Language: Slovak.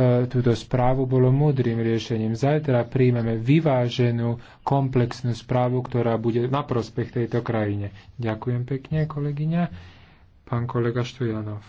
E, túto správu bolo múdrym riešením. Zajtra príjmeme vyváženú, komplexnú správu, ktorá bude na prospech tejto krajine. Ďakujem pekne, kolegyňa. Pán kolega Štujanov.